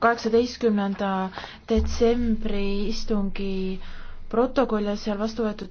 kaheksateistkümnenda detsembri istungi protokoll ja seal vastu võetud